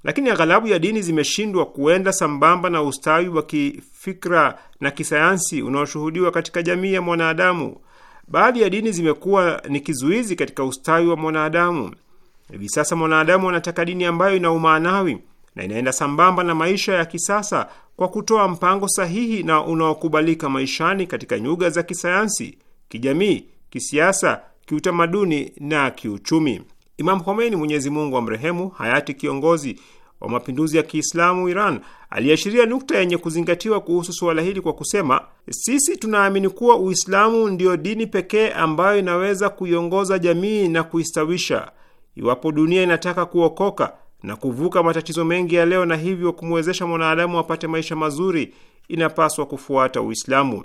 lakini aghalabu ya dini zimeshindwa kuenda sambamba na ustawi wa kifikra na kisayansi unaoshuhudiwa katika jamii ya mwanadamu. Baadhi ya dini zimekuwa ni kizuizi katika ustawi wa mwanadamu. Hivi sasa mwanadamu anataka dini ambayo ina umaanawi na inaenda sambamba na maisha ya kisasa kwa kutoa mpango sahihi na unaokubalika maishani katika nyuga za kisayansi, kijamii, kisiasa, kiutamaduni na kiuchumi. Imam Khomeini, Mwenyezi Mungu mrehemu, hayati kiongozi wa mapinduzi ya Kiislamu Iran aliashiria nukta yenye kuzingatiwa kuhusu suala hili kwa kusema, sisi tunaamini kuwa Uislamu ndiyo dini pekee ambayo inaweza kuiongoza jamii na kuistawisha, iwapo dunia inataka kuokoka na kuvuka matatizo mengi ya leo na hivyo kumwezesha mwanadamu apate maisha mazuri, inapaswa kufuata Uislamu.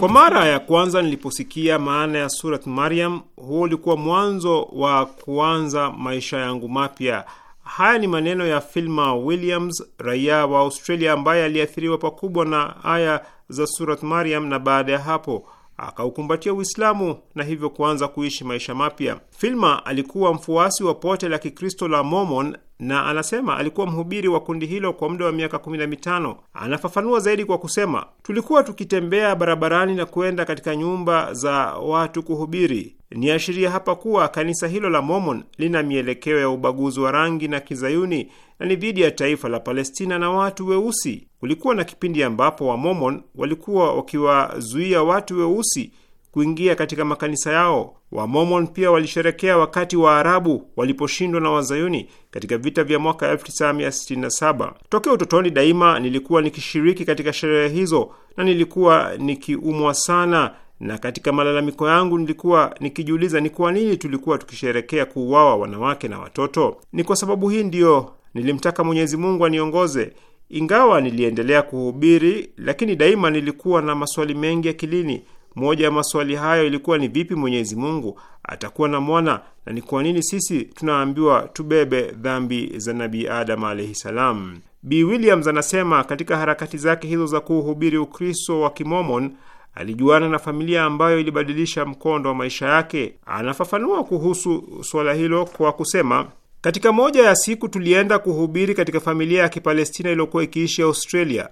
Kwa mara ya kwanza niliposikia maana ya Surat Maryam, huo ulikuwa mwanzo wa kuanza maisha yangu mapya. Haya ni maneno ya Filma Williams, raia wa Australia ambaye aliathiriwa pakubwa na aya za Surat Maryam, na baada ya hapo akaukumbatia Uislamu na hivyo kuanza kuishi maisha mapya. Filma alikuwa mfuasi wa pote la Kikristo la Mormon na anasema alikuwa mhubiri wa kundi hilo kwa muda wa miaka kumi na mitano. Anafafanua zaidi kwa kusema, tulikuwa tukitembea barabarani na kuenda katika nyumba za watu kuhubiri. Ni ashiria hapa kuwa kanisa hilo la Mormon lina mielekeo ya ubaguzi wa rangi na kizayuni na ni dhidi ya taifa la Palestina na watu weusi. Kulikuwa na kipindi ambapo Wamormon walikuwa wakiwazuia watu weusi kuingia katika makanisa yao. Wamormon pia walisherekea wakati wa arabu waliposhindwa na Wazayuni katika vita vya mwaka 1967. Tokea utotoni daima nilikuwa nikishiriki katika sherehe hizo na nilikuwa nikiumwa sana, na katika malalamiko yangu nilikuwa nikijiuliza ni kwa nini tulikuwa tukisherekea kuuawa wanawake na watoto. Ni kwa sababu hii ndiyo nilimtaka Mwenyezi Mungu aniongoze. Ingawa niliendelea kuhubiri, lakini daima nilikuwa na maswali mengi akilini moja ya maswali hayo ilikuwa ni vipi Mwenyezi Mungu atakuwa na mwana, na ni kwa nini sisi tunaambiwa tubebe dhambi za Nabii Adam alaihi salam. B Williams anasema katika harakati zake hizo za kuuhubiri Ukristo wa Kimomon alijuana na familia ambayo ilibadilisha mkondo wa maisha yake. Anafafanua kuhusu suala hilo kwa kusema, katika moja ya siku tulienda kuhubiri katika familia ya Kipalestina iliyokuwa ikiishi Australia.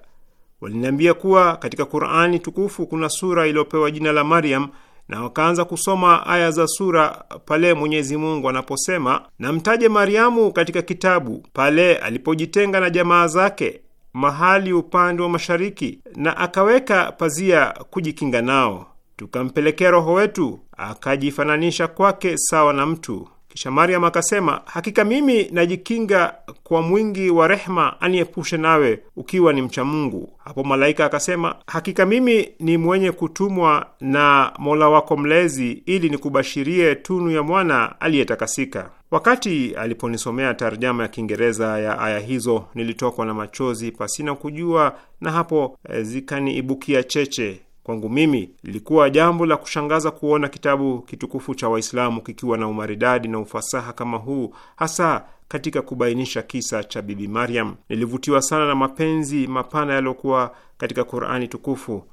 Waliniambia kuwa katika Qur'ani tukufu kuna sura iliyopewa jina la Maryam na wakaanza kusoma aya za sura pale Mwenyezi Mungu anaposema, namtaje Mariamu katika kitabu pale alipojitenga na jamaa zake mahali upande wa mashariki, na akaweka pazia kujikinga nao, tukampelekea Roho wetu akajifananisha kwake sawa na mtu. Kisha Mariam akasema, hakika mimi najikinga kwa mwingi wa rehma, aniepushe nawe ukiwa ni mcha Mungu. Hapo malaika akasema, hakika mimi ni mwenye kutumwa na Mola wako Mlezi ili nikubashirie tunu ya mwana aliyetakasika. Wakati aliponisomea tarjama ya Kiingereza ya aya hizo, nilitokwa na machozi pasina kujua, na hapo eh, zikaniibukia cheche Kwangu mimi lilikuwa jambo la kushangaza kuona kitabu kitukufu cha Waislamu kikiwa na umaridadi na ufasaha kama huu, hasa katika kubainisha kisa cha Bibi Mariam. Nilivutiwa sana na mapenzi mapana yaliyokuwa katika Qur'ani tukufu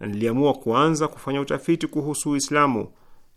na niliamua kuanza kufanya utafiti kuhusu Uislamu.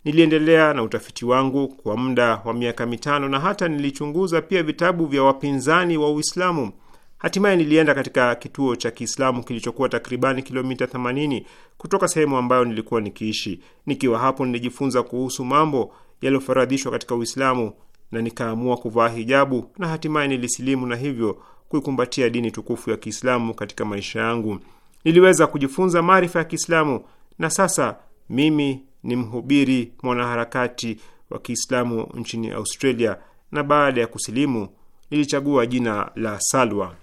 Niliendelea na utafiti wangu kwa muda wa miaka mitano na hata nilichunguza pia vitabu vya wapinzani wa Uislamu. Hatimaye nilienda katika kituo cha Kiislamu kilichokuwa takribani kilomita 80 kutoka sehemu ambayo nilikuwa nikiishi. Nikiwa hapo, nilijifunza kuhusu mambo yaliyofaradhishwa katika Uislamu na nikaamua kuvaa hijabu na hatimaye nilisilimu na hivyo kuikumbatia dini tukufu ya Kiislamu katika maisha yangu. Niliweza kujifunza maarifa ya Kiislamu na sasa mimi ni mhubiri mwanaharakati wa Kiislamu nchini Australia, na baada ya kusilimu nilichagua jina la Salwa.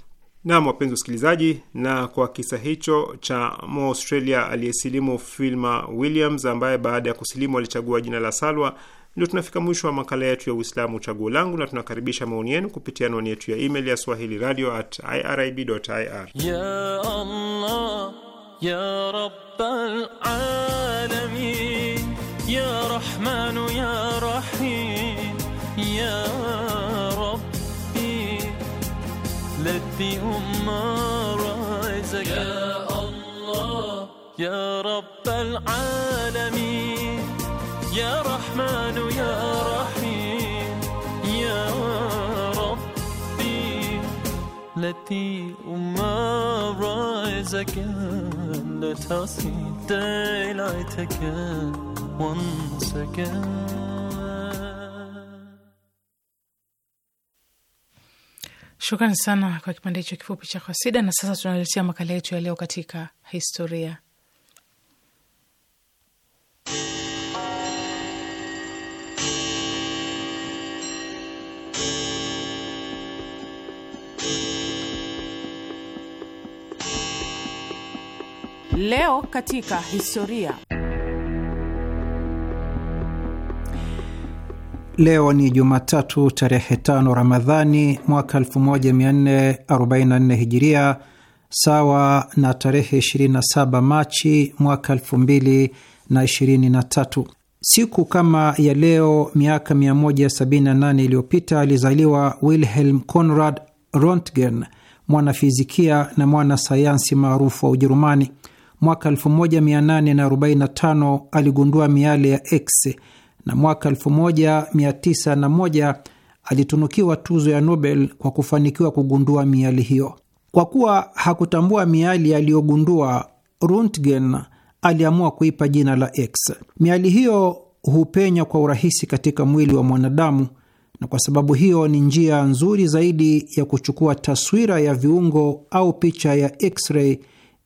Nam, wapenzi wasikilizaji, na kwa kisa hicho cha Australia aliyesilimu Filma Williams ambaye baada ya kusilimu alichagua jina la Salwa, ndio tunafika mwisho wa makala yetu ya Uislamu Chaguo Langu, na tunakaribisha maoni yenu kupitia anwani yetu ya email ya swahili radio at irib ir. Ya Allah, ya Rabbal alamin, ya Rahmanu, ya Rahim, ya التي هم رزق يا الله يا رب العالمين يا رحمن يا رحيم يا ربي التي هم رزق لتصيد ليلتك وانسكن Shukrani sana kwa kipande hicho kifupi cha kasida. Na sasa tunaletea makala yetu ya leo katika historia. Leo katika historia Leo ni Jumatatu tarehe tano Ramadhani mwaka 1444 Hijiria, sawa na tarehe 27 Machi mwaka 2023. Siku kama ya leo miaka 178 iliyopita alizaliwa Wilhelm Conrad Rontgen, mwanafizikia na mwana sayansi maarufu wa Ujerumani. Mwaka 1845 aligundua miale ya X na mwaka 1901 alitunukiwa tuzo ya Nobel kwa kufanikiwa kugundua miali hiyo. Kwa kuwa hakutambua miali aliyogundua, Rontgen aliamua kuipa jina la X. Miali hiyo hupenya kwa urahisi katika mwili wa mwanadamu, na kwa sababu hiyo ni njia nzuri zaidi ya kuchukua taswira ya viungo au picha ya X-ray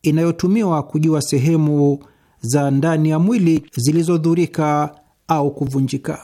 inayotumiwa kujua sehemu za ndani ya mwili zilizodhurika au kuvunjika.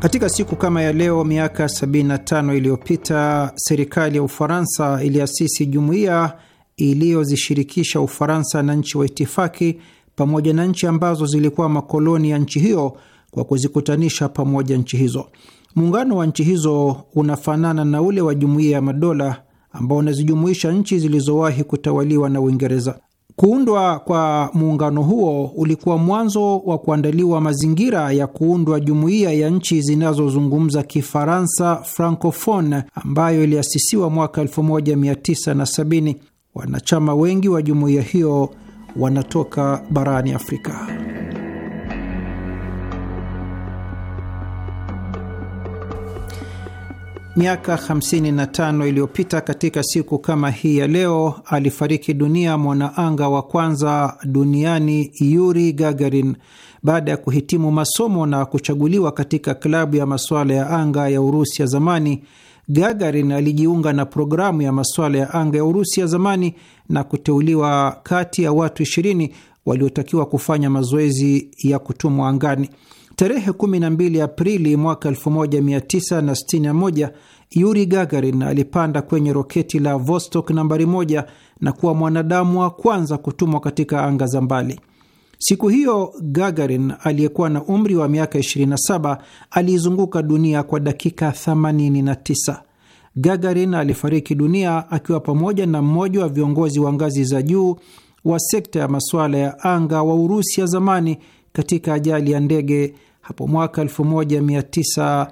Katika siku kama ya leo miaka 75 iliyopita serikali ya Ufaransa iliasisi jumuiya iliyozishirikisha Ufaransa na nchi wa itifaki pamoja na nchi ambazo zilikuwa makoloni ya nchi hiyo kwa kuzikutanisha pamoja nchi hizo. Muungano wa nchi hizo unafanana na ule wa Jumuiya ya Madola ambao unazijumuisha nchi zilizowahi kutawaliwa na Uingereza. Kuundwa kwa muungano huo ulikuwa mwanzo wa kuandaliwa mazingira ya kuundwa jumuiya ya nchi zinazozungumza Kifaransa, Francofone, ambayo iliasisiwa mwaka 1970. Wanachama wengi wa jumuiya hiyo wanatoka barani Afrika. Miaka 55 iliyopita katika siku kama hii ya leo alifariki dunia mwanaanga wa kwanza duniani Yuri Gagarin baada ya kuhitimu masomo na kuchaguliwa katika klabu ya masuala ya anga ya Urusi ya zamani. Gagarin alijiunga na programu ya masuala ya anga ya Urusi ya zamani na kuteuliwa kati ya watu 20 waliotakiwa kufanya mazoezi ya kutumwa angani. Tarehe 12 Aprili mwaka 1961 Yuri Gagarin alipanda kwenye roketi la Vostok nambari moja na kuwa mwanadamu wa kwanza kutumwa katika anga za mbali. Siku hiyo Gagarin aliyekuwa na umri wa miaka 27 aliizunguka dunia kwa dakika 89. Gagarin alifariki dunia akiwa pamoja na mmoja wa viongozi wa ngazi za juu wa sekta ya masuala ya anga wa Urusi ya zamani katika ajali ya ndege hapo mwaka 1968.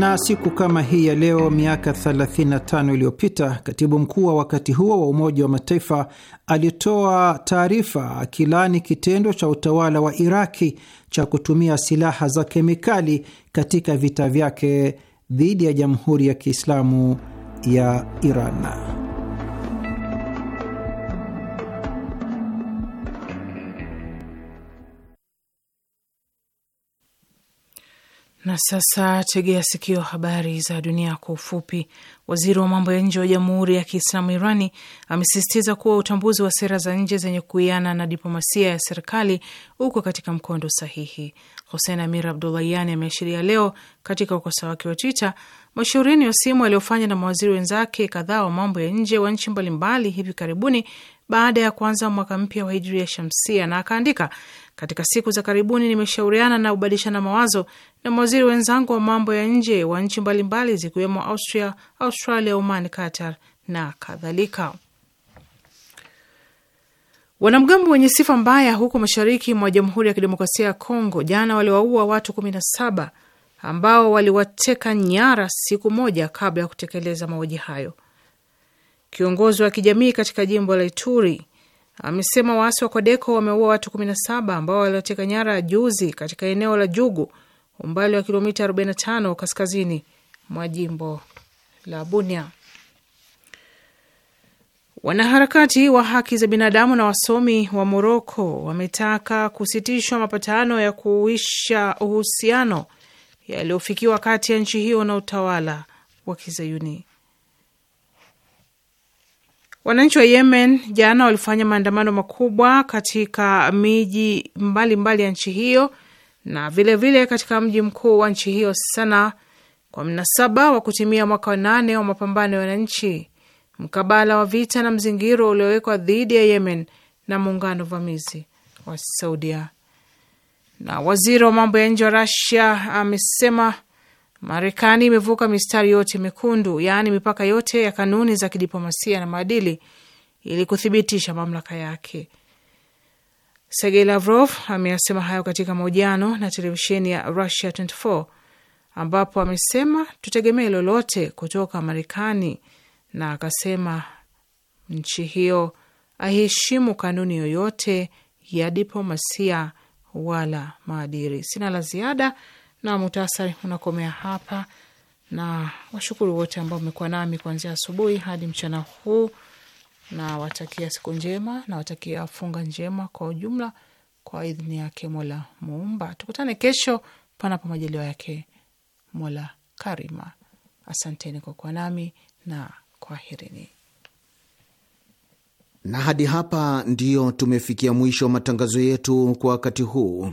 na siku kama hii ya leo miaka 35 iliyopita katibu mkuu wa wakati huo wa Umoja wa Mataifa alitoa taarifa akilaani kitendo cha utawala wa Iraki cha kutumia silaha za kemikali katika vita vyake dhidi ya Jamhuri ya Kiislamu ya Iran. Na sasa tegea sikio habari za dunia kwa ufupi. Waziri wa mambo ya nje wa Jamhuri ya Kiislamu Irani amesisitiza kuwa utambuzi wa sera za nje zenye kuiana na diplomasia ya serikali uko katika mkondo sahihi. Hussein Amir Abdullahian ameashiria leo katika ukosa wake wa Twitter mashauriano ya simu aliyofanya na mawaziri wenzake kadhaa wa mambo ya nje wa nchi mbalimbali hivi karibuni baada ya kuanza mwaka mpya wa ya Shamsia, na akaandika, katika siku za karibuni nimeshauriana na kubadilishana mawazo na mawaziri wenzangu wa mambo ya nje wa nchi mbalimbali zikiwemo Austria, Australia, Oman, Qatar na kadhalika. Wanamgambo wenye sifa mbaya huko mashariki mwa Jamhuri ya Kidemokrasia ya Kongo jana waliwaua watu 17 ambao waliwateka nyara siku moja kabla ya kutekeleza mauaji hayo. Kiongozi wa kijamii katika jimbo la Ituri amesema waasi wa Kodeko wameua watu 17 ambao walioteka nyara juzi katika eneo la Jugu, umbali wa kilomita 45 kaskazini mwa jimbo la Bunia. Wanaharakati wa haki za binadamu na wasomi wa Moroko wametaka kusitishwa mapatano ya kuisha uhusiano yaliyofikiwa kati ya nchi hiyo na utawala wa Kizayuni. Wananchi wa Yemen jana walifanya maandamano makubwa katika miji mbalimbali mbali ya nchi hiyo na vilevile vile katika mji mkuu wa nchi hiyo sana kwa mnasaba wa kutimia mwaka wanane wa mapambano ya wananchi mkabala wa vita na mzingiro uliowekwa dhidi ya Yemen na muungano vamizi wa Saudia. Na waziri wa mambo ya nje wa Rasia amesema Marekani imevuka mistari yote mekundu, yaani mipaka yote ya kanuni za kidiplomasia na maadili, ili kuthibitisha mamlaka yake. Sergei Lavrov ameyasema hayo katika mahojiano na televisheni ya Russia 24 ambapo amesema tutegemee lolote kutoka Marekani, na akasema nchi hiyo aheshimu kanuni yoyote ya diplomasia wala maadili. Sina la ziada na muhtasari unakomea hapa, na washukuru wote ambao mmekuwa nami kuanzia asubuhi hadi mchana huu, na watakia siku njema na watakia funga njema kwa ujumla, kwa idhini yake Mola Muumba. Tukutane kesho, panapo majaliwa yake Mola Karima. Asanteni kwa kuwa nami na kwaherini. Na hadi hapa ndiyo tumefikia mwisho wa matangazo yetu kwa wakati huu.